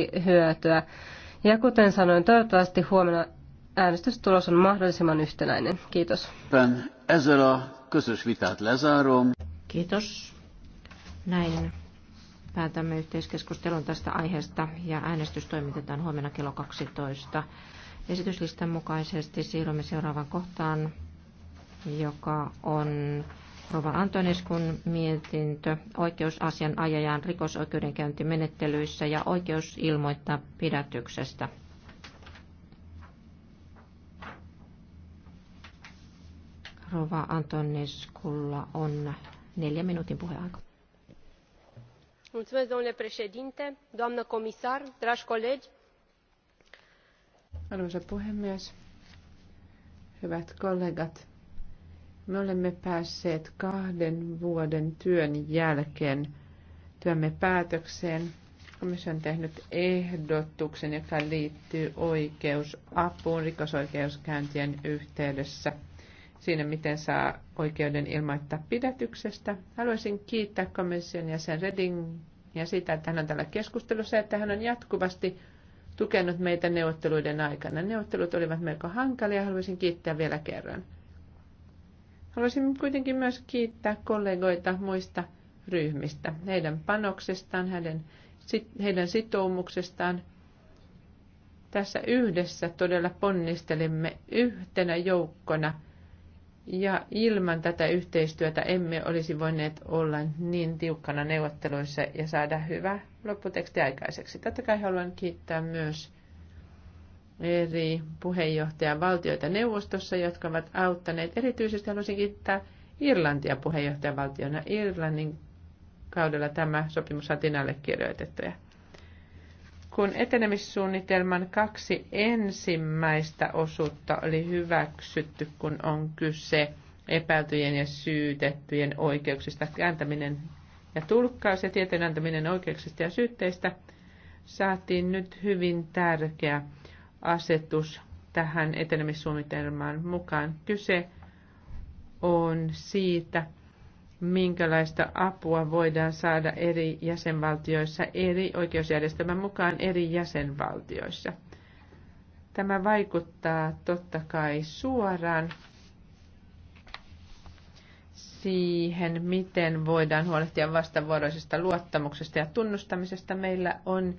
varmasti hyötyä. Ja kuten sanoin, toivottavasti huomenna äänestystulos on mahdollisimman yhtenäinen. Kiitos. Kiitos. Näin päätämme yhteiskeskustelun tästä aiheesta ja äänestys toimitetaan huomenna kello 12. Esityslistan mukaisesti siirrymme seuraavaan kohtaan, joka on Rova Antoneskun mietintö oikeusasianajajan rikosoikeudenkäyntimenettelyissä ja oikeus ilmoittaa pidätyksestä. Rova Antoneskulla on neljä minuutin puheaika. Mulțumesc, domnule președinte, doamnă comisar, dragi colegi. Arvoisa puhemies, hyvät kollegat, me olemme päässeet kahden vuoden työn jälkeen työmme päätökseen. Komissio on tehnyt ehdotuksen, joka liittyy oikeusapuun rikosoikeuskäyntien yhteydessä siinä, miten saa oikeuden ilmoittaa pidätyksestä. Haluaisin kiittää komission jäsen Reding ja sitä, että hän on tällä keskustelussa, että hän on jatkuvasti tukenut meitä neuvotteluiden aikana. Neuvottelut olivat melko hankalia, haluaisin kiittää vielä kerran. Haluaisin kuitenkin myös kiittää kollegoita muista ryhmistä, heidän panoksestaan, heidän, heidän sitoumuksestaan. Tässä yhdessä todella ponnistelimme yhtenä joukkona ja ilman tätä yhteistyötä emme olisi voineet olla niin tiukkana neuvotteluissa ja saada hyvä lopputeksti aikaiseksi. Totta kai haluan kiittää myös eri puheenjohtajan valtioita neuvostossa, jotka ovat auttaneet. Erityisesti haluaisin kiittää Irlantia puheenjohtajavaltiona. Irlannin kaudella tämä sopimus Tinalle kirjoitettu. Kun etenemissuunnitelman kaksi ensimmäistä osuutta oli hyväksytty, kun on kyse epäiltyjen ja syytettyjen oikeuksista, kääntäminen ja tulkkaus ja tietojen antaminen oikeuksista ja syytteistä, saatiin nyt hyvin tärkeä asetus tähän etenemissuunnitelmaan mukaan. Kyse on siitä, minkälaista apua voidaan saada eri jäsenvaltioissa, eri oikeusjärjestelmän mukaan eri jäsenvaltioissa. Tämä vaikuttaa totta kai suoraan siihen, miten voidaan huolehtia vastavuoroisesta luottamuksesta ja tunnustamisesta. Meillä on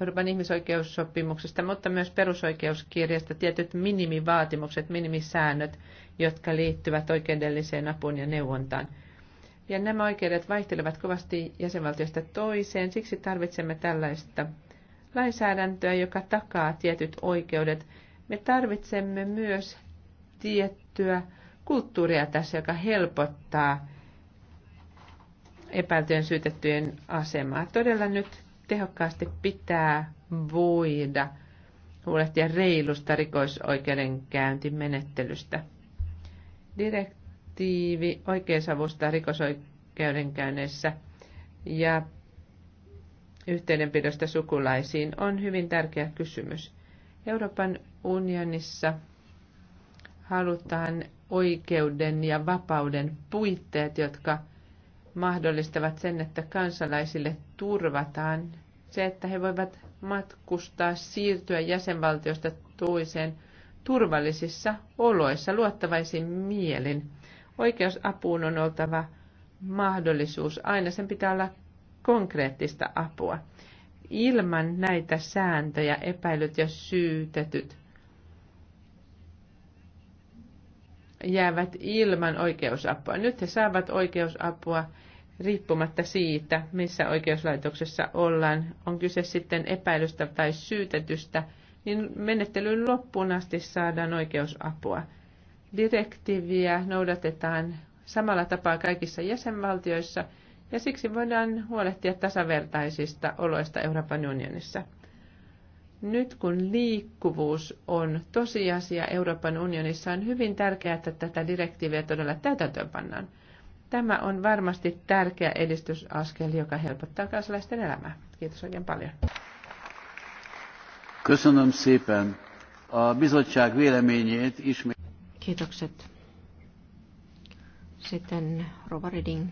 Euroopan ihmisoikeussopimuksesta, mutta myös perusoikeuskirjasta tietyt minimivaatimukset, minimisäännöt, jotka liittyvät oikeudelliseen apuun ja neuvontaan. Ja nämä oikeudet vaihtelevat kovasti jäsenvaltiosta toiseen, siksi tarvitsemme tällaista lainsäädäntöä, joka takaa tietyt oikeudet. Me tarvitsemme myös tiettyä kulttuuria tässä, joka helpottaa epäiltyjen syytettyjen asemaa. Todella nyt tehokkaasti pitää voida huolehtia reilusta rikosoikeudenkäyntimenettelystä. Direktiivi oikeusavusta rikosoikeudenkäynneissä ja yhteydenpidosta sukulaisiin on hyvin tärkeä kysymys. Euroopan unionissa halutaan oikeuden ja vapauden puitteet, jotka mahdollistavat sen, että kansalaisille turvataan se, että he voivat matkustaa, siirtyä jäsenvaltiosta toiseen turvallisissa oloissa, luottavaisin mielin. Oikeusapuun on oltava mahdollisuus. Aina sen pitää olla konkreettista apua. Ilman näitä sääntöjä epäilyt ja syytetyt jäävät ilman oikeusapua. Nyt he saavat oikeusapua riippumatta siitä, missä oikeuslaitoksessa ollaan, on kyse sitten epäilystä tai syytetystä, niin menettelyn loppuun asti saadaan oikeusapua. Direktiiviä noudatetaan samalla tapaa kaikissa jäsenvaltioissa ja siksi voidaan huolehtia tasavertaisista oloista Euroopan unionissa. Nyt kun liikkuvuus on tosiasia Euroopan unionissa, on hyvin tärkeää, että tätä direktiiviä todella täytäntöön pannaan. Tämä on varmasti tärkeä edistysaskel, joka helpottaa kansalaisten elämää. Kiitos oikein paljon. A Kiitokset. Sitten Rova Reding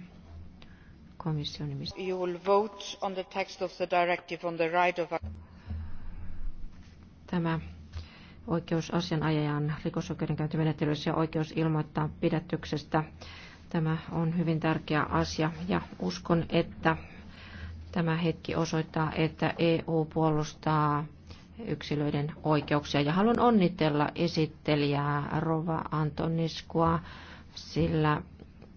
komission nimistä. You will vote on the text of the directive on the right of... Tämä oikeus asianajajan rikosoikeudenkäyntimenettelyssä ja oikeus ilmoittaa pidätyksestä Tämä on hyvin tärkeä asia ja uskon, että tämä hetki osoittaa, että EU puolustaa yksilöiden oikeuksia. Ja haluan onnitella esittelijää Rova Antoniskua, sillä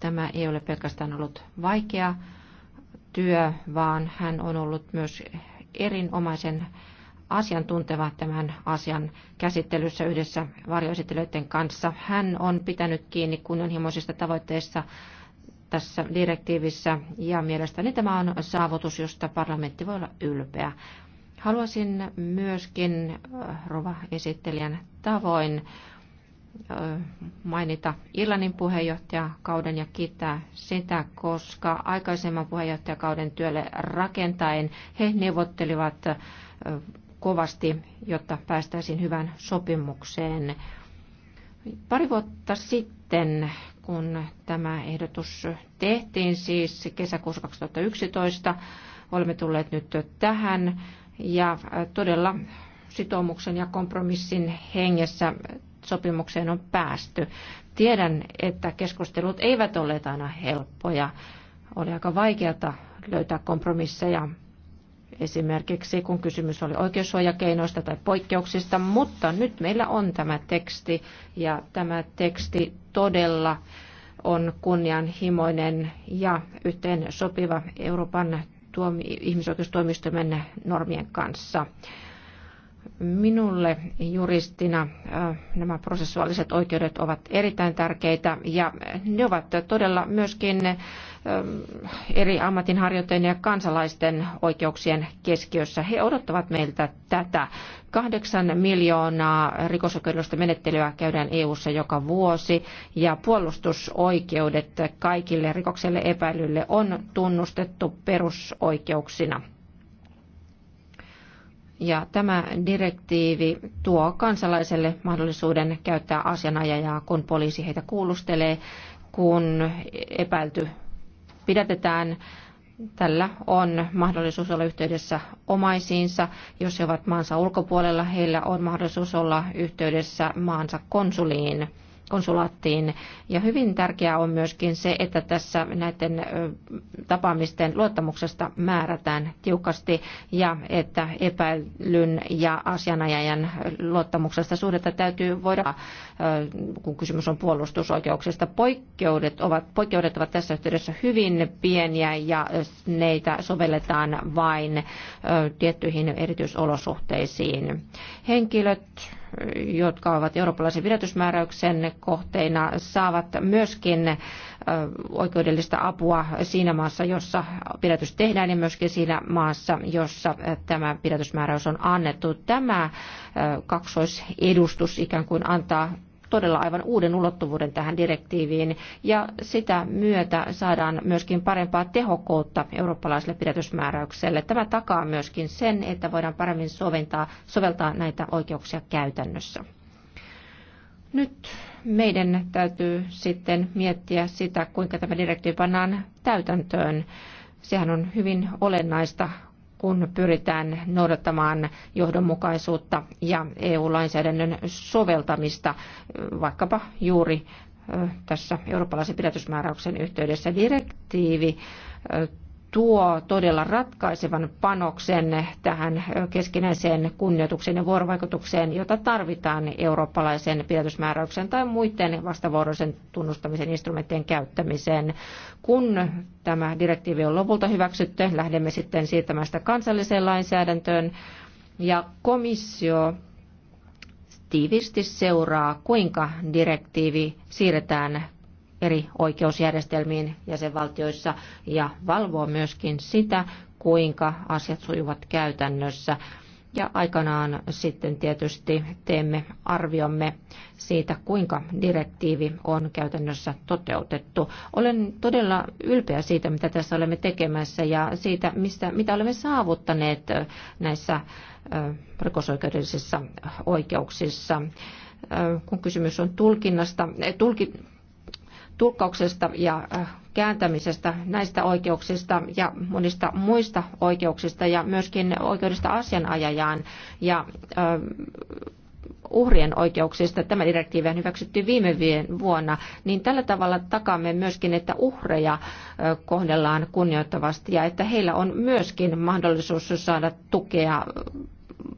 tämä ei ole pelkästään ollut vaikea työ, vaan hän on ollut myös erinomaisen asiantunteva tämän asian käsittelyssä yhdessä varjoesittelyiden kanssa. Hän on pitänyt kiinni kunnianhimoisista tavoitteista tässä direktiivissä ja mielestäni tämä on saavutus, josta parlamentti voi olla ylpeä. Haluaisin myöskin äh, rova esittelijän tavoin äh, mainita Irlannin puheenjohtajakauden ja kiittää sitä, koska aikaisemman puheenjohtajakauden työlle rakentaen he neuvottelivat äh, kovasti, jotta päästäisiin hyvään sopimukseen. Pari vuotta sitten, kun tämä ehdotus tehtiin, siis kesäkuussa 2011, olemme tulleet nyt tähän ja äh, todella sitoumuksen ja kompromissin hengessä sopimukseen on päästy. Tiedän, että keskustelut eivät olleet aina helppoja. Oli aika vaikeata löytää kompromisseja esimerkiksi kun kysymys oli oikeussuojakeinoista tai poikkeuksista, mutta nyt meillä on tämä teksti ja tämä teksti todella on kunnianhimoinen ja yhteen sopiva Euroopan tuomi- ihmisoikeustuomioistuimen normien kanssa. Minulle juristina äh, nämä prosessuaaliset oikeudet ovat erittäin tärkeitä ja ne ovat todella myöskin äh, eri ammatinharjoittajien ja kansalaisten oikeuksien keskiössä. He odottavat meiltä tätä. Kahdeksan miljoonaa rikosoikeudellista menettelyä käydään EU:ssa joka vuosi ja puolustusoikeudet kaikille rikokselle epäilylle on tunnustettu perusoikeuksina. Ja tämä direktiivi tuo kansalaiselle mahdollisuuden käyttää asianajajaa, kun poliisi heitä kuulustelee, kun epäilty pidätetään. Tällä on mahdollisuus olla yhteydessä omaisiinsa. Jos he ovat maansa ulkopuolella, heillä on mahdollisuus olla yhteydessä maansa konsuliin konsulaattiin. Ja hyvin tärkeää on myöskin se, että tässä näiden tapaamisten luottamuksesta määrätään tiukasti ja että epäilyn ja asianajajan luottamuksesta suhdetta täytyy voida, kun kysymys on puolustusoikeuksista. Poikkeudet ovat, poikkeudet ovat tässä yhteydessä hyvin pieniä ja neitä sovelletaan vain tiettyihin erityisolosuhteisiin. Henkilöt jotka ovat eurooppalaisen pidätysmääräyksen kohteina, saavat myöskin oikeudellista apua siinä maassa, jossa pidätys tehdään ja myöskin siinä maassa, jossa tämä pidätysmääräys on annettu. Tämä kaksoisedustus ikään kuin antaa todella aivan uuden ulottuvuuden tähän direktiiviin ja sitä myötä saadaan myöskin parempaa tehokkuutta eurooppalaiselle pidätysmääräykselle. Tämä takaa myöskin sen, että voidaan paremmin soventaa, soveltaa näitä oikeuksia käytännössä. Nyt meidän täytyy sitten miettiä sitä, kuinka tämä direktiivi pannaan täytäntöön. Sehän on hyvin olennaista kun pyritään noudattamaan johdonmukaisuutta ja EU-lainsäädännön soveltamista vaikkapa juuri tässä eurooppalaisen pidätysmääräyksen yhteydessä direktiivi tuo todella ratkaisevan panoksen tähän keskinäiseen kunnioitukseen ja vuorovaikutukseen, jota tarvitaan eurooppalaisen pidätysmääräyksen tai muiden vastavuoroisen tunnustamisen instrumenttien käyttämiseen. Kun tämä direktiivi on lopulta hyväksytty, lähdemme sitten siirtämään sitä kansalliseen lainsäädäntöön ja komissio tiivisti seuraa, kuinka direktiivi siirretään eri oikeusjärjestelmiin jäsenvaltioissa ja valvoo myöskin sitä, kuinka asiat sujuvat käytännössä. Ja aikanaan sitten tietysti teemme arviomme siitä, kuinka direktiivi on käytännössä toteutettu. Olen todella ylpeä siitä, mitä tässä olemme tekemässä ja siitä, mistä, mitä olemme saavuttaneet näissä rikosoikeudellisissa oikeuksissa kun kysymys on tulkinnasta, tulki, tulkkauksesta ja äh, kääntämisestä, näistä oikeuksista ja monista muista oikeuksista ja myöskin oikeudesta asianajajaan ja äh, uhrien oikeuksista, tämä direktiivi on hyväksytty viime vuonna, niin tällä tavalla takaamme myöskin, että uhreja äh, kohdellaan kunnioittavasti ja että heillä on myöskin mahdollisuus saada tukea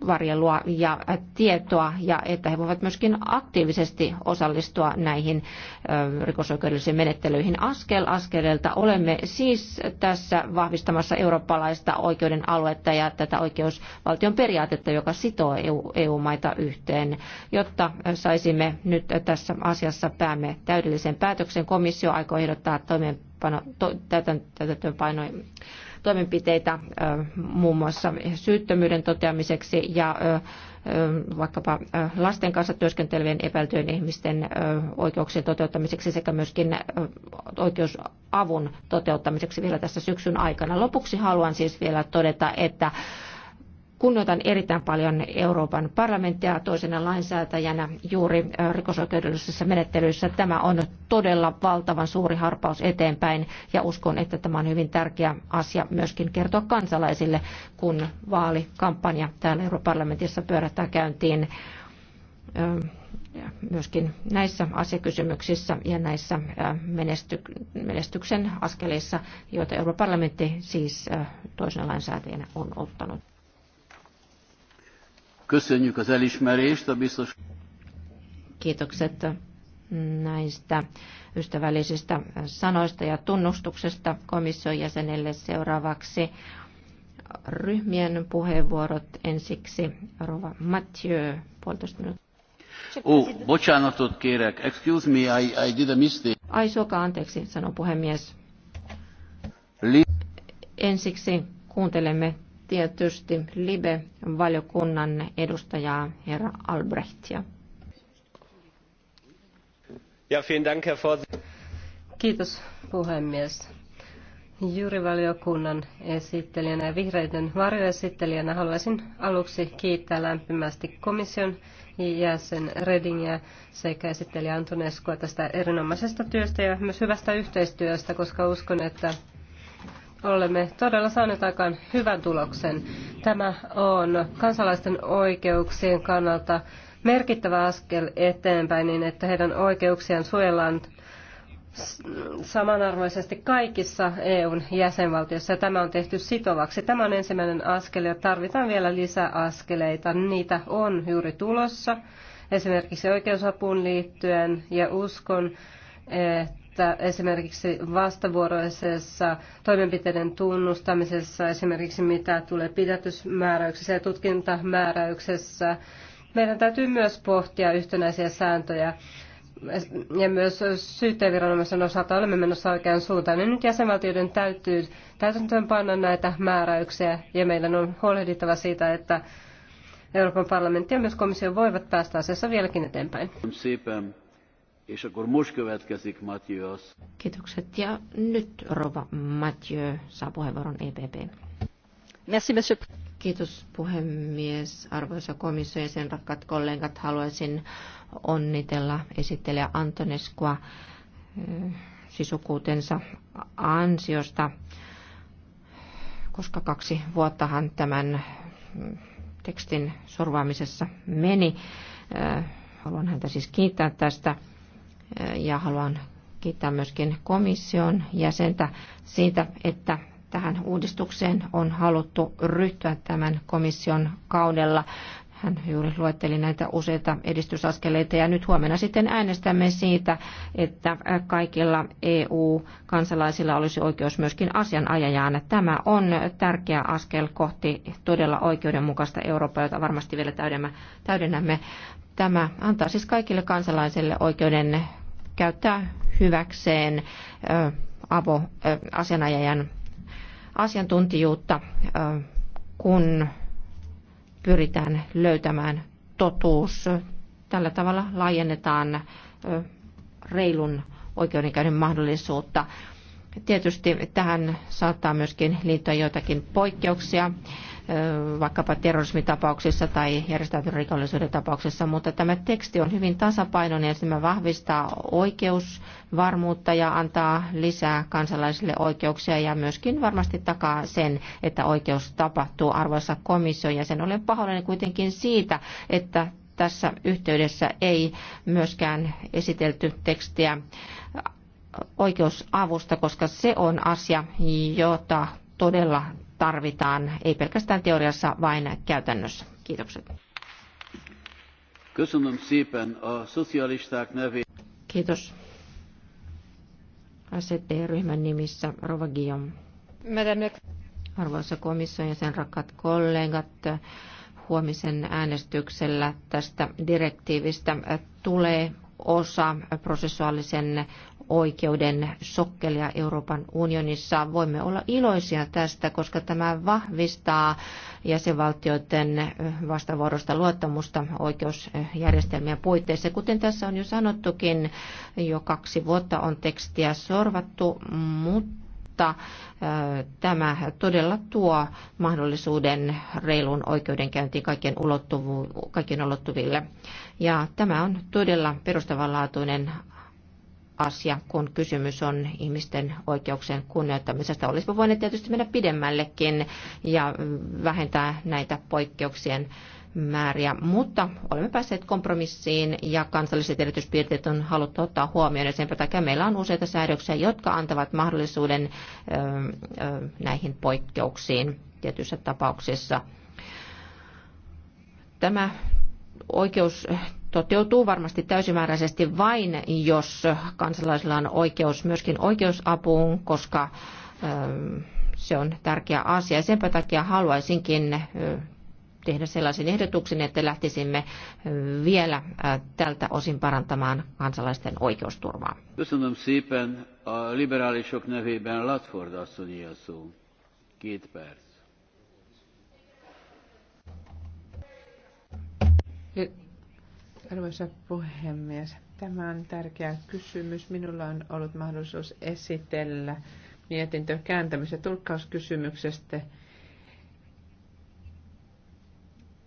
varjelua ja tietoa ja että he voivat myöskin aktiivisesti osallistua näihin rikosoikeudellisiin menettelyihin. Askel askeleelta olemme siis tässä vahvistamassa eurooppalaista oikeuden aluetta ja tätä oikeusvaltion periaatetta, joka sitoo EU-maita yhteen. Jotta saisimme nyt tässä asiassa päämme täydellisen päätöksen, komissio aikoo ehdottaa toimeenpano, to, täytäntöönpanoja toimenpiteitä muun muassa syyttömyyden toteamiseksi ja vaikkapa lasten kanssa työskentelevien epäiltyjen ihmisten oikeuksien toteuttamiseksi sekä myöskin oikeusavun toteuttamiseksi vielä tässä syksyn aikana. Lopuksi haluan siis vielä todeta, että Kunnioitan erittäin paljon Euroopan parlamenttia toisena lainsäätäjänä juuri äh, rikosoikeudellisessa menettelyssä. Tämä on todella valtavan suuri harppaus eteenpäin ja uskon, että tämä on hyvin tärkeä asia myöskin kertoa kansalaisille, kun vaalikampanja täällä Euroopan parlamentissa pyörähtää käyntiin äh, myöskin näissä asiakysymyksissä ja näissä äh, menestyksen askeleissa, joita Euroopan parlamentti siis toisena lainsäätäjänä on ottanut. Köszönjük az elismerést, a biztos... Kiitokset näistä ystävällisistä sanoista ja tunnustuksesta komission jäsenelle seuraavaksi ryhmien puheenvuorot ensiksi. Rova Mathieu, puolitoista minuuttia. Oh, bocsánatot kérek. Excuse me, I, I did a mistake. Ai soka, anteeksi, sanoo puhemies. Li- ensiksi kuuntelemme tietysti Libe-valiokunnan edustajaa herra Albrechtia. Ja, dank, herr Kiitos puhemies. valiokunnan esittelijänä ja vihreiden varjoesittelijänä haluaisin aluksi kiittää lämpimästi komission jäsen Redingiä sekä esittelijä Antoneskoa tästä erinomaisesta työstä ja myös hyvästä yhteistyöstä, koska uskon, että olemme todella saaneet aikaan hyvän tuloksen. Tämä on kansalaisten oikeuksien kannalta merkittävä askel eteenpäin niin, että heidän oikeuksiaan suojellaan samanarvoisesti kaikissa EUn jäsenvaltioissa. Tämä on tehty sitovaksi. Tämä on ensimmäinen askel ja tarvitaan vielä lisäaskeleita. Niitä on juuri tulossa, esimerkiksi oikeusapuun liittyen ja uskon, että että esimerkiksi vastavuoroisessa toimenpiteiden tunnustamisessa, esimerkiksi mitä tulee pidätysmääräyksessä ja tutkintamääräyksessä, meidän täytyy myös pohtia yhtenäisiä sääntöjä. Ja myös syyttäjäviranomaisen osalta olemme menossa oikeaan suuntaan. Ja nyt jäsenvaltioiden täytyy täytäntöönpanna näitä määräyksiä ja meidän on huolehdittava siitä, että Euroopan parlamentti ja myös komissio voivat päästä asiassa vieläkin eteenpäin. És akkor most következik Mathieu az. Ja nyt Rova Mathieu saa puheenvuoron EPP. Merci, monsieur. Kiitos puhemies, arvoisa komissio ja sen rakkaat kollegat. Haluaisin onnitella esittelijä Antoneskoa eh, sisukuutensa ansiosta, koska kaksi vuottahan tämän mm, tekstin sorvaamisessa meni. Eh, haluan häntä siis kiittää tästä ja haluan kiittää myöskin komission jäsentä siitä, että tähän uudistukseen on haluttu ryhtyä tämän komission kaudella. Hän juuri luetteli näitä useita edistysaskeleita ja nyt huomenna sitten äänestämme siitä, että kaikilla EU-kansalaisilla olisi oikeus myöskin asianajajaan. Tämä on tärkeä askel kohti todella oikeudenmukaista Eurooppaa, jota varmasti vielä täydennämme. Tämä antaa siis kaikille kansalaisille oikeuden käyttää hyväkseen avo asianajajan asiantuntijuutta, kun pyritään löytämään totuus. Tällä tavalla laajennetaan reilun oikeudenkäynnin mahdollisuutta. Tietysti tähän saattaa myöskin liittyä joitakin poikkeuksia vaikkapa terrorismitapauksissa tai järjestäytyneen rikollisuuden tapauksissa, mutta tämä teksti on hyvin tasapainoinen ja se vahvistaa oikeusvarmuutta ja antaa lisää kansalaisille oikeuksia ja myöskin varmasti takaa sen, että oikeus tapahtuu arvoissa komissio ja sen olen pahoillani kuitenkin siitä, että tässä yhteydessä ei myöskään esitelty tekstiä oikeusavusta, koska se on asia, jota todella tarvitaan, ei pelkästään teoriassa, vaan käytännössä. Kiitokset. Kiitos. ST-ryhmän nimissä Rova Guillaume. Arvoisa komissio ja sen rakkaat kollegat, huomisen äänestyksellä tästä direktiivistä tulee osa prosessuaalisen oikeuden sokkelia Euroopan unionissa. Voimme olla iloisia tästä, koska tämä vahvistaa jäsenvaltioiden vastavuorosta luottamusta oikeusjärjestelmien puitteissa. Kuten tässä on jo sanottukin, jo kaksi vuotta on tekstiä sorvattu, mutta mutta tämä todella tuo mahdollisuuden reilun oikeudenkäyntiin kaikkien, ulottuvu- kaikkien ulottuville. Ja tämä on todella perustavanlaatuinen asia, kun kysymys on ihmisten oikeuksien kunnioittamisesta. Olisimme voineet tietysti mennä pidemmällekin ja vähentää näitä poikkeuksien määriä, mutta olemme päässeet kompromissiin ja kansalliset erityispiirteet on haluttu ottaa huomioon ja sen takia meillä on useita säädöksiä, jotka antavat mahdollisuuden näihin poikkeuksiin tietyissä tapauksissa. Tämä oikeus toteutuu varmasti täysimääräisesti vain, jos kansalaisilla on oikeus myöskin oikeusapuun, koska se on tärkeä asia. Sen takia haluaisinkin tehdä sellaisen ehdotuksen, että lähtisimme vielä tältä osin parantamaan kansalaisten oikeusturvaa. Arvoisa puhemies, tämä on tärkeä kysymys. Minulla on ollut mahdollisuus esitellä mietintö kääntämis- ja tulkkauskysymyksestä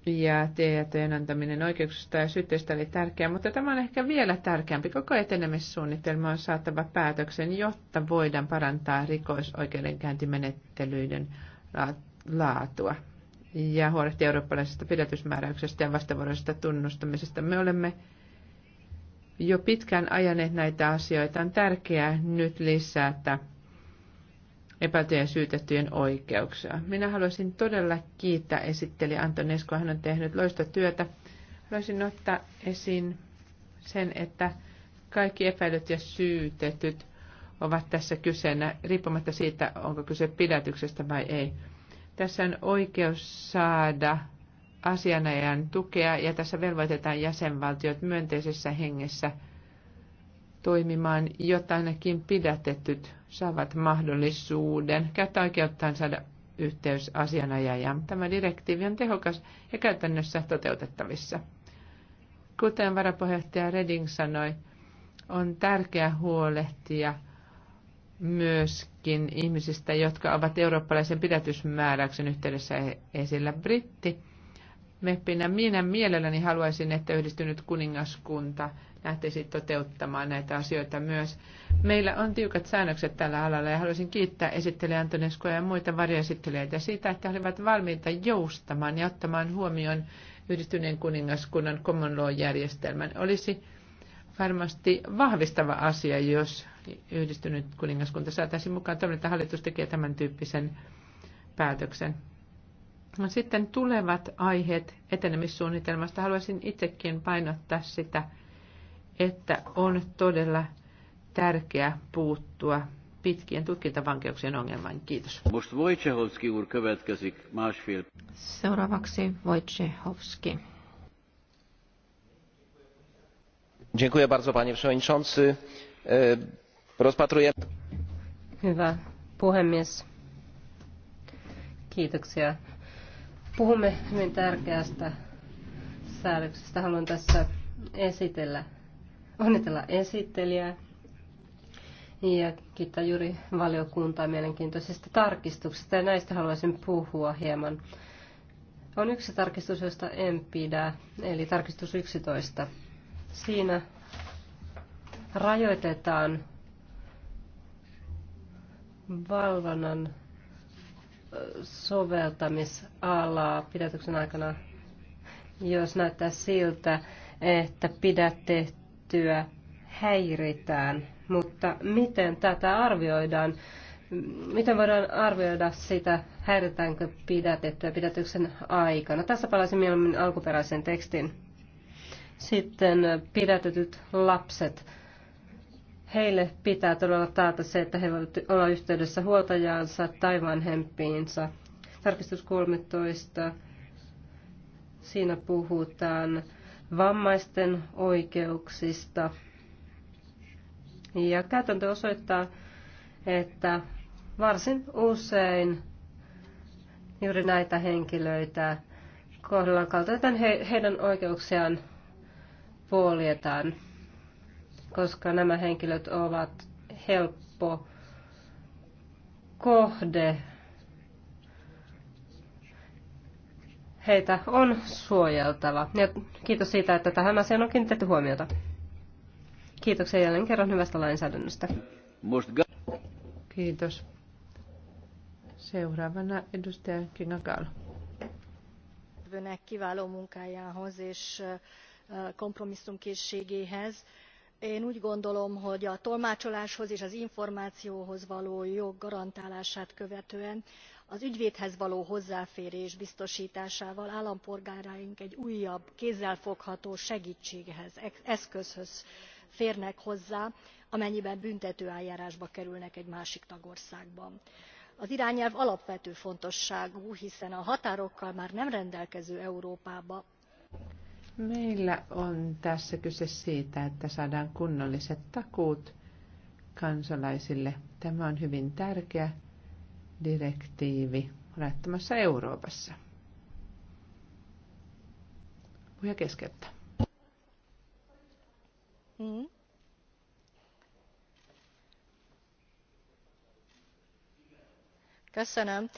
ja tietojen antaminen oikeuksista ja syytteistä oli tärkeää, mutta tämä on ehkä vielä tärkeämpi. Koko etenemissuunnitelma on saatava päätöksen, jotta voidaan parantaa rikosoikeudenkäyntimenettelyiden laatua ja huolehtia eurooppalaisesta pidätysmääräyksestä ja vastavuoroisesta tunnustamisesta. Me olemme jo pitkään ajaneet näitä asioita. On tärkeää nyt lisätä epäiltyjen syytettyjen oikeuksia. Minä haluaisin todella kiittää esitteli Antonesko, hän on tehnyt loista työtä. Haluaisin ottaa esiin sen, että kaikki epäilyt ja syytetyt ovat tässä kyseenä, riippumatta siitä, onko kyse pidätyksestä vai ei. Tässä on oikeus saada asianajan tukea ja tässä velvoitetaan jäsenvaltiot myönteisessä hengessä – toimimaan, jotta ainakin pidätetyt saavat mahdollisuuden käyttää oikeuttaan saada yhteys asianajajaan. Tämä direktiivi on tehokas ja käytännössä toteutettavissa. Kuten varapuheenjohtaja Reding sanoi, on tärkeää huolehtia myöskin ihmisistä, jotka ovat eurooppalaisen pidätysmääräyksen yhteydessä esillä. Britti meppinä minä mielelläni haluaisin, että yhdistynyt kuningaskunta lähtisi toteuttamaan näitä asioita myös. Meillä on tiukat säännökset tällä alalla ja haluaisin kiittää esittelijä Antoneskoa ja muita varjoesittelijöitä siitä, että he olivat valmiita joustamaan ja ottamaan huomioon yhdistyneen kuningaskunnan common law-järjestelmän. Olisi varmasti vahvistava asia, jos yhdistynyt kuningaskunta saataisiin mukaan. Toivon, että hallitus tekee tämän tyyppisen päätöksen. No, Sitten tulevat aiheet etenemissuunnitelmasta. Haluaisin itsekin painottaa sitä, että on todella tärkeää puuttua pitkien tutkintavankeuksien ongelmaan. Kiitos. Seuraavaksi Wojciechowski. Dziękuję bardzo, panie przewodniczący. E, rozpatruję... Hyvä puhemies. Kiitoksia Puhumme hyvin tärkeästä säädöksestä. Haluan tässä esitellä, onnitella esittelijää ja kiittää juuri valiokuntaa mielenkiintoisista tarkistuksista. Ja näistä haluaisin puhua hieman. On yksi tarkistus, josta en pidä, eli tarkistus 11. Siinä rajoitetaan valvonnan soveltamisalaa pidätyksen aikana, jos näyttää siltä, että pidätettyä häiritään. Mutta miten tätä arvioidaan? Miten voidaan arvioida sitä, häiritäänkö pidätettyä pidätyksen aikana? Tässä palaisin mieluummin alkuperäisen tekstin. Sitten pidätetyt lapset Heille pitää todella taata se, että he voivat olla yhteydessä huoltajaansa tai vanhempiinsa. Tarkistus 13. Siinä puhutaan vammaisten oikeuksista. Ja käytäntö osoittaa, että varsin usein juuri näitä henkilöitä kohdellaan kaltoin, he, heidän oikeuksiaan poljetaan koska nämä henkilöt ovat helppo kohde. Heitä on suojeltava. Ja kiitos siitä, että tähän asiaan on kiinnitetty huomiota. Kiitoksia jälleen kerran hyvästä lainsäädännöstä. Kiitos. Seuraavana edustaja Kinga Kaalo. Kiváló munkájához és kompromisszumkészségéhez én úgy gondolom hogy a tolmácsoláshoz és az információhoz való jog garantálását követően az ügyvédhez való hozzáférés biztostásával állampolgáraink egy újabb kézzelfogható segtséghez eszközhöz férnek hozzá amennyiben büntetőeljárásba kerülnek egy másik tagországban. az irányelv alapvető fontosságú hiszen a határokkal már nem rendelkező európában Meillä on tässä kyse siitä, että saadaan kunnolliset takuut kansalaisille. Tämä on hyvin tärkeä direktiivi rajattomassa Euroopassa. Puhuja keskeyttää. Mm. Köszönöm.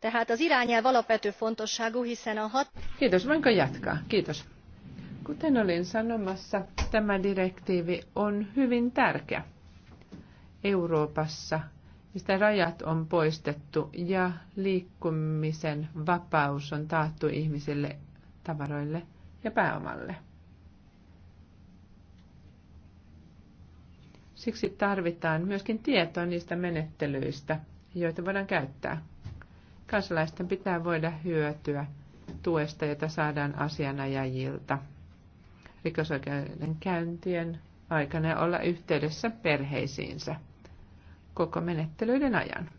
Tehát az irányelv alapvető fontosságú, hiszen a hat... Kiitos, voinko jatkaa? Kiitos. Kuten olin sanomassa, tämä direktiivi on hyvin tärkeä Euroopassa. Mistä rajat on poistettu ja liikkumisen vapaus on taattu ihmisille, tavaroille ja pääomalle. Siksi tarvitaan myöskin tietoa niistä menettelyistä, joita voidaan käyttää Kansalaisten pitää voida hyötyä tuesta, jota saadaan asianajajilta rikosoikeuden käyntien aikana ja olla yhteydessä perheisiinsä koko menettelyiden ajan.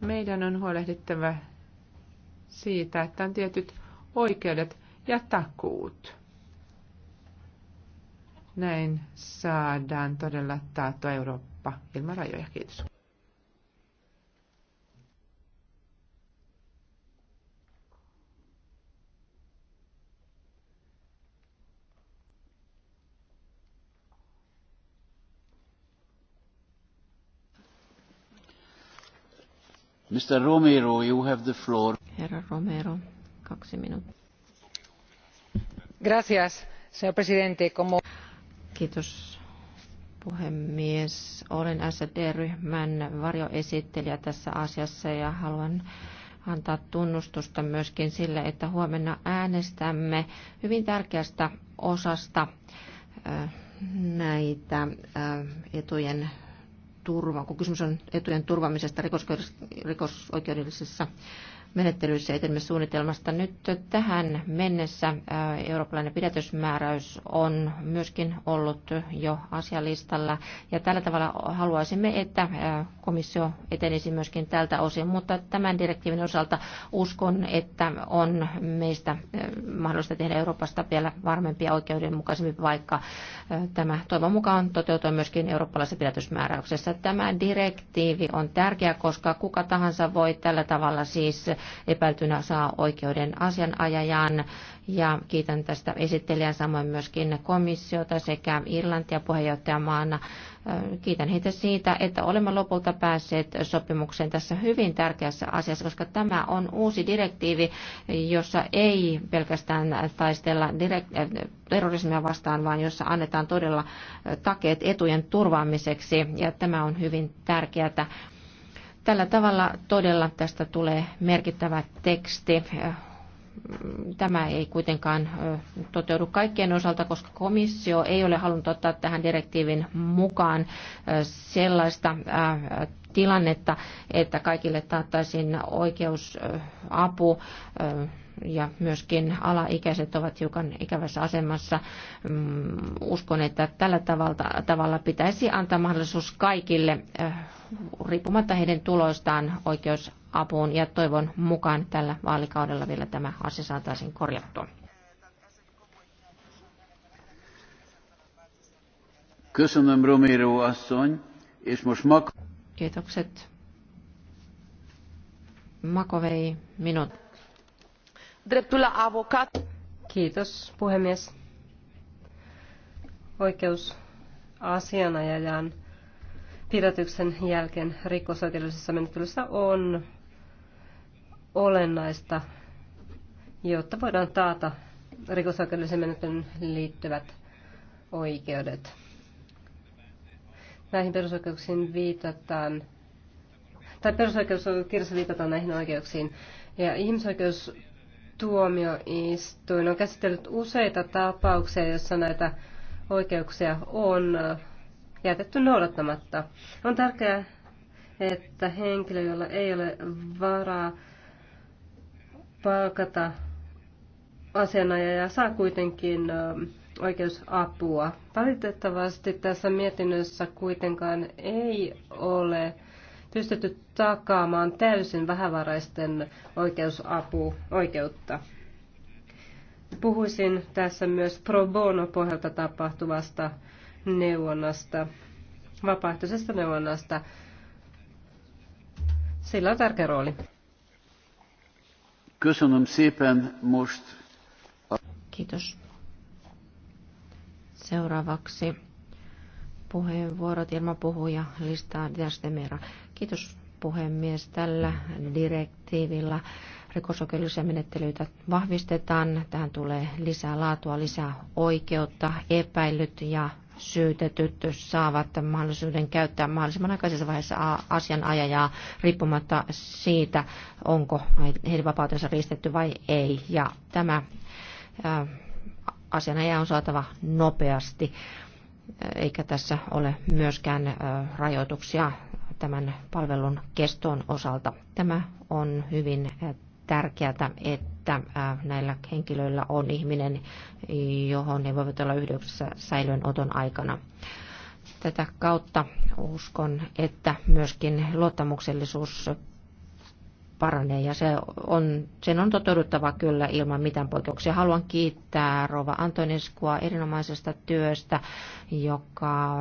Meidän on huolehdittava siitä, että on tietyt oikeudet ja takuut. Näin saadaan todella taattua Eurooppa ilman rajoja. Kiitos. Mr. Romero, you have the floor. Herra Romero, kaksi minuuttia. Gracias, señor presidente. Como... Kiitos, puhemies. Olen SD-ryhmän varjoesittelijä tässä asiassa ja haluan antaa tunnustusta myöskin sille, että huomenna äänestämme hyvin tärkeästä osasta äh, näitä äh, etujen turva, kun kysymys on etujen turvaamisesta rikosoikeudellisessa menettelyissä etenemissuunnitelmasta. Nyt tähän mennessä eurooppalainen pidätysmääräys on myöskin ollut jo asialistalla. Ja tällä tavalla haluaisimme, että komissio etenisi myöskin tältä osin. Mutta tämän direktiivin osalta uskon, että on meistä mahdollista tehdä Euroopasta vielä varmempia oikeudenmukaisempi, vaikka tämä toivon mukaan toteutuu myöskin eurooppalaisessa pidätysmääräyksessä. Tämä direktiivi on tärkeä, koska kuka tahansa voi tällä tavalla siis epäiltynä saa oikeuden asianajajan. Ja kiitän tästä esittelijän samoin myöskin komissiota sekä Irlantia puheenjohtajamaana. Kiitän heitä siitä, että olemme lopulta päässeet sopimukseen tässä hyvin tärkeässä asiassa, koska tämä on uusi direktiivi, jossa ei pelkästään taistella terrorismia vastaan, vaan jossa annetaan todella takeet etujen turvaamiseksi. Ja tämä on hyvin tärkeää Tällä tavalla todella tästä tulee merkittävä teksti. Tämä ei kuitenkaan toteudu kaikkien osalta, koska komissio ei ole halunnut ottaa tähän direktiivin mukaan sellaista tilannetta, että kaikille taattaisiin oikeusapu ja myöskin alaikäiset ovat hiukan ikävässä asemassa. Mm, uskon, että tällä tavalla, tavalla pitäisi antaa mahdollisuus kaikille, eh, riippumatta heidän tuloistaan, oikeusapuun apuun ja toivon mukaan tällä vaalikaudella vielä tämä asia saataisiin korjattua. Köszönöm, Romero asszony, és most Mak... Kiitokset. Makovei, minut dreptul la avocat. Kiitos puhemies. Oikeus asianajajan pidätyksen jälkeen rikosoikeudellisessa menettelyssä on olennaista, jotta voidaan taata rikosoikeudellisen menettelyn liittyvät oikeudet. Näihin perusoikeuksiin viitataan, tai perusoikeuskirjassa viitataan näihin oikeuksiin. Ja ihmisoikeus tuomioistuin on käsitellyt useita tapauksia, joissa näitä oikeuksia on jätetty noudattamatta. On tärkeää, että henkilö, jolla ei ole varaa palkata ja saa kuitenkin oikeusapua. Valitettavasti tässä mietinnössä kuitenkaan ei ole pystytty takaamaan täysin vähävaraisten oikeusapu oikeutta. Puhuisin tässä myös pro bono pohjalta tapahtuvasta neuvonnasta, vapaaehtoisesta neuvonnasta. Sillä on tärkeä rooli. Kiitos. Seuraavaksi puheenvuorot ilman puhuja listaa Diastemera. Kiitos puhemies. Tällä direktiivillä rikosoikeudellisia menettelyitä vahvistetaan. Tähän tulee lisää laatua, lisää oikeutta. Epäilyt ja syytetyt saavat mahdollisuuden käyttää mahdollisimman aikaisessa vaiheessa asianajajaa riippumatta siitä, onko heidän vapautensa riistetty vai ei. Ja tämä asianajaja on saatava nopeasti eikä tässä ole myöskään rajoituksia tämän palvelun keston osalta. Tämä on hyvin äh, tärkeää, että äh, näillä henkilöillä on ihminen, johon he voivat olla yhdessä säilöönoton aikana. Tätä kautta uskon, että myöskin luottamuksellisuus paranee ja se on, sen on toteuduttava kyllä ilman mitään poikkeuksia. Haluan kiittää Rova Antoniskua erinomaisesta työstä, joka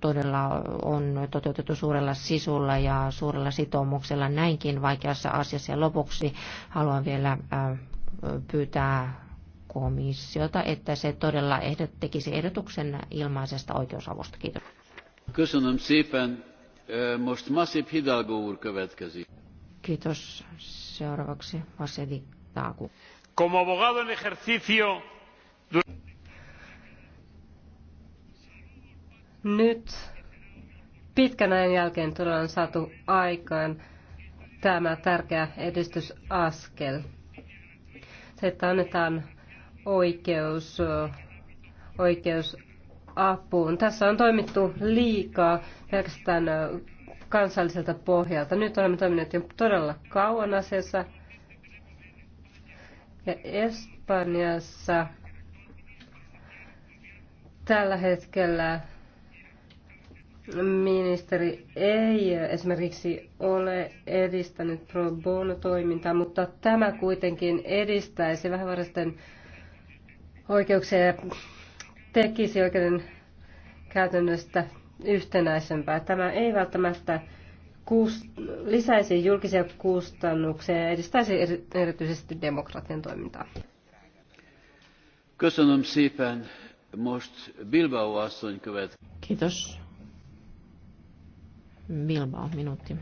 todella on toteutettu suurella sisulla ja suurella sitoumuksella näinkin vaikeassa asiassa. Ja lopuksi haluan vielä äh, pyytää komissiota, että se todella ehdot, tekisi ehdotuksen ilmaisesta oikeusavusta. Kiitos. Köszönöm szépen. Most Masip Hidalgo úr következik. Kiitos. Seuraavaksi Vasedi Taaku. Como abogado en ejercicio... Nyt pitkän ajan jälkeen todella on saatu aikaan tämä tärkeä edistysaskel. Se, että annetaan oikeus, oikeus apuun. Tässä on toimittu liikaa pelkästään kansalliselta pohjalta. Nyt olemme toimineet jo todella kauan asiassa. Ja Espanjassa tällä hetkellä ministeri ei esimerkiksi ole edistänyt pro bono toimintaa, mutta tämä kuitenkin edistäisi vähävaraisten oikeuksia ja tekisi oikeuden käytännöstä yhtenäisempää. Tämä ei välttämättä lisäisi julkisia kustannuksia ja edistäisi erityisesti demokratian toimintaa. Most Bilbao Kiitos. Bilbao, minuutti.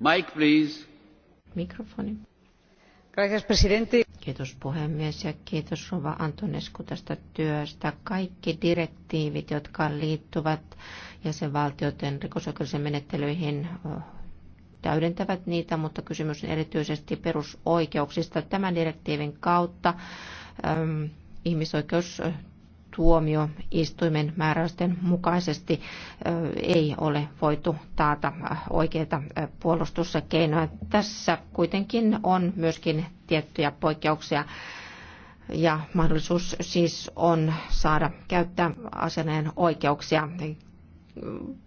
Mike, please. Mikrofoni. Gracias, presidente. Kiitos puhemies ja kiitos Rova Antonesku tästä työstä. Kaikki direktiivit, jotka liittyvät jäsenvaltioiden rikosoikeudellisiin menettelyihin, täydentävät niitä, mutta kysymys on erityisesti perusoikeuksista. Tämän direktiivin kautta ähm, ihmisoikeus tuomioistuimen määräysten mukaisesti ei ole voitu taata oikeita puolustuskeinoja. Tässä kuitenkin on myöskin tiettyjä poikkeuksia ja mahdollisuus siis on saada käyttää asianajan oikeuksia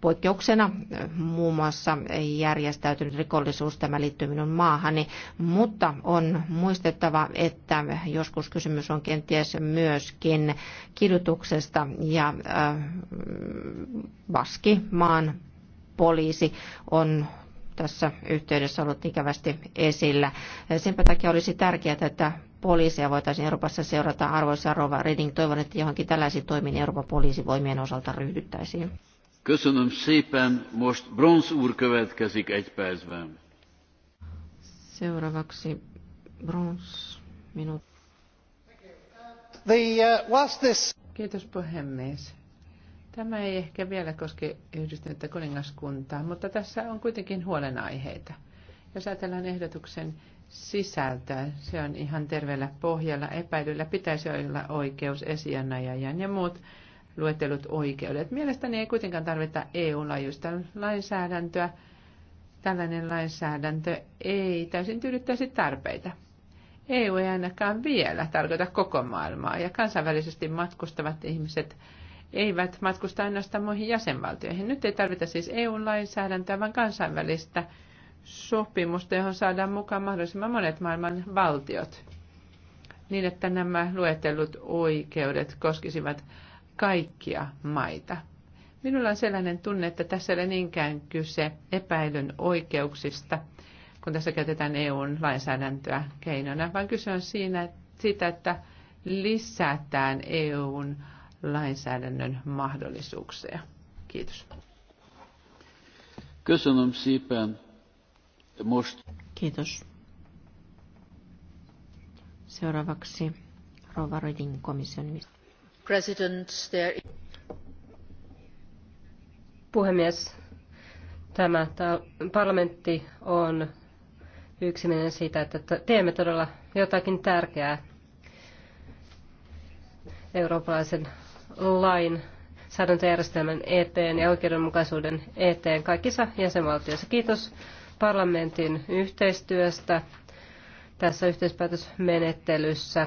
poikkeuksena muun muassa järjestäytynyt rikollisuus, tämä liittyy minun maahani, mutta on muistettava, että joskus kysymys on kenties myöskin kidutuksesta ja äh, vaski maan poliisi on tässä yhteydessä ollut ikävästi esillä. Senpä takia olisi tärkeää, että poliisia voitaisiin Euroopassa seurata. Arvoisa Rova Reding, toivon, että johonkin tällaisiin toimiin Euroopan poliisivoimien osalta ryhdyttäisiin. Köszönöm szépen, most Bronz úr következik egy percben. Seuraavaksi Brons, minuutti. The, uh, this... Kiitos puhemies. Tämä ei ehkä vielä koske yhdistynyttä kuningaskuntaa, mutta tässä on kuitenkin huolenaiheita. Jos ajatellaan ehdotuksen sisältöä, se on ihan terveellä pohjalla. Epäilyllä pitäisi olla oikeus esianajajan ja muut luettelut oikeudet. Mielestäni ei kuitenkaan tarvita EU-laajuista lainsäädäntöä. Tällainen lainsäädäntö ei täysin tyydyttäisi tarpeita. EU ei ainakaan vielä tarkoita koko maailmaa, ja kansainvälisesti matkustavat ihmiset eivät matkusta ainoastaan muihin jäsenvaltioihin. Nyt ei tarvita siis EU-lainsäädäntöä, vaan kansainvälistä sopimusta, johon saadaan mukaan mahdollisimman monet maailman valtiot, niin että nämä luetellut oikeudet koskisivat kaikkia maita. Minulla on sellainen tunne, että tässä ei ole niinkään kyse epäilyn oikeuksista, kun tässä käytetään EUn lainsäädäntöä keinona, vaan kyse on siinä, siitä, että lisätään EUn lainsäädännön mahdollisuuksia. Kiitos. Kiitos. Seuraavaksi Rova Reding komission President, Puhemies, tämä, tämä parlamentti on yksimielinen siitä, että teemme todella jotakin tärkeää eurooppalaisen lain säädäntöjärjestelmän eteen ja oikeudenmukaisuuden eteen kaikissa jäsenvaltioissa. Kiitos parlamentin yhteistyöstä tässä yhteispäätösmenettelyssä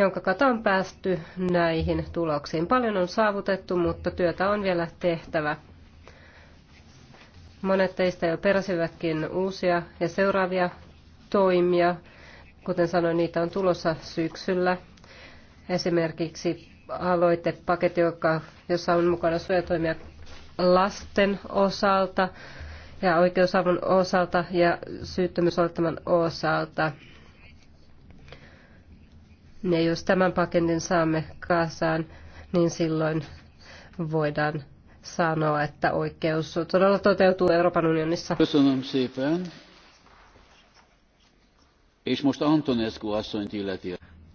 jonka kata on päästy näihin tuloksiin. Paljon on saavutettu, mutta työtä on vielä tehtävä. Monet teistä jo peräsivätkin uusia ja seuraavia toimia. Kuten sanoin, niitä on tulossa syksyllä. Esimerkiksi aloitepaketti, jossa on mukana suojatoimia lasten osalta ja oikeusavun osalta ja syyttömyysolettaman osalta. Ja jos tämän paketin saamme kasaan, niin silloin voidaan sanoa, että oikeus todella toteutuu Euroopan unionissa.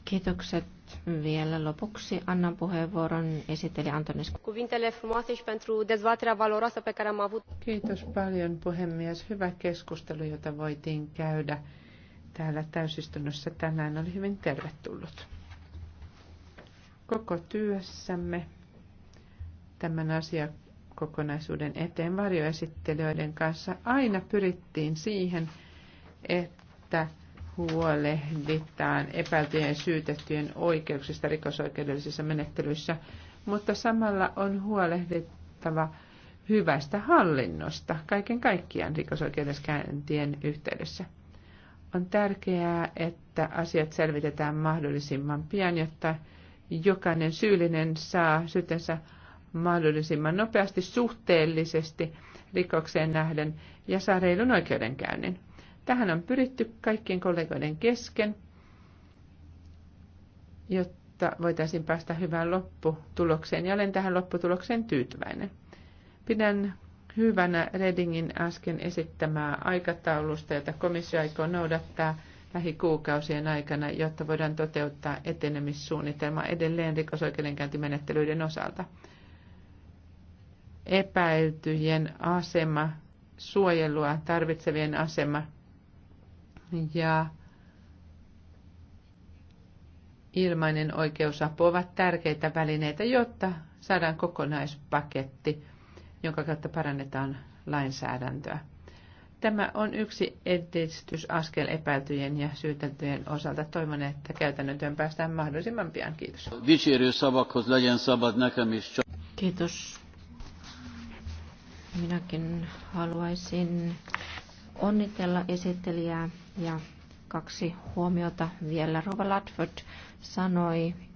Kiitokset vielä lopuksi annan puheenvuoron esitteli Antonescu. Kiitos paljon puhemies. Hyvä keskustelu, jota voitiin käydä täällä täysistunnossa tänään oli hyvin tervetullut. Koko työssämme tämän asiakokonaisuuden eteen varjoesittelijöiden kanssa aina pyrittiin siihen, että huolehditaan epäiltyjen syytettyjen oikeuksista rikosoikeudellisissa menettelyissä, mutta samalla on huolehdittava hyvästä hallinnosta kaiken kaikkiaan rikosoikeudeskäyntien yhteydessä. On tärkeää, että asiat selvitetään mahdollisimman pian, jotta jokainen syyllinen saa sytensä mahdollisimman nopeasti suhteellisesti rikokseen nähden ja saa reilun oikeudenkäynnin. Tähän on pyritty kaikkien kollegoiden kesken, jotta voitaisiin päästä hyvään lopputulokseen ja olen tähän lopputulokseen tyytyväinen. Pidän hyvänä Redingin äsken esittämää aikataulusta, jota komissio aikoo noudattaa lähikuukausien aikana, jotta voidaan toteuttaa etenemissuunnitelma edelleen rikosoikeudenkäyntimenettelyiden osalta. Epäiltyjen asema, suojelua tarvitsevien asema ja ilmainen oikeusapu ovat tärkeitä välineitä, jotta saadaan kokonaispaketti jonka kautta parannetaan lainsäädäntöä. Tämä on yksi edistysaskel epäiltyjen ja syytettyjen osalta. Toivon, että käytännön työn päästään mahdollisimman pian. Kiitos. Kiitos. Minäkin haluaisin onnitella esittelijää ja kaksi huomiota vielä. Rova Latford sanoi,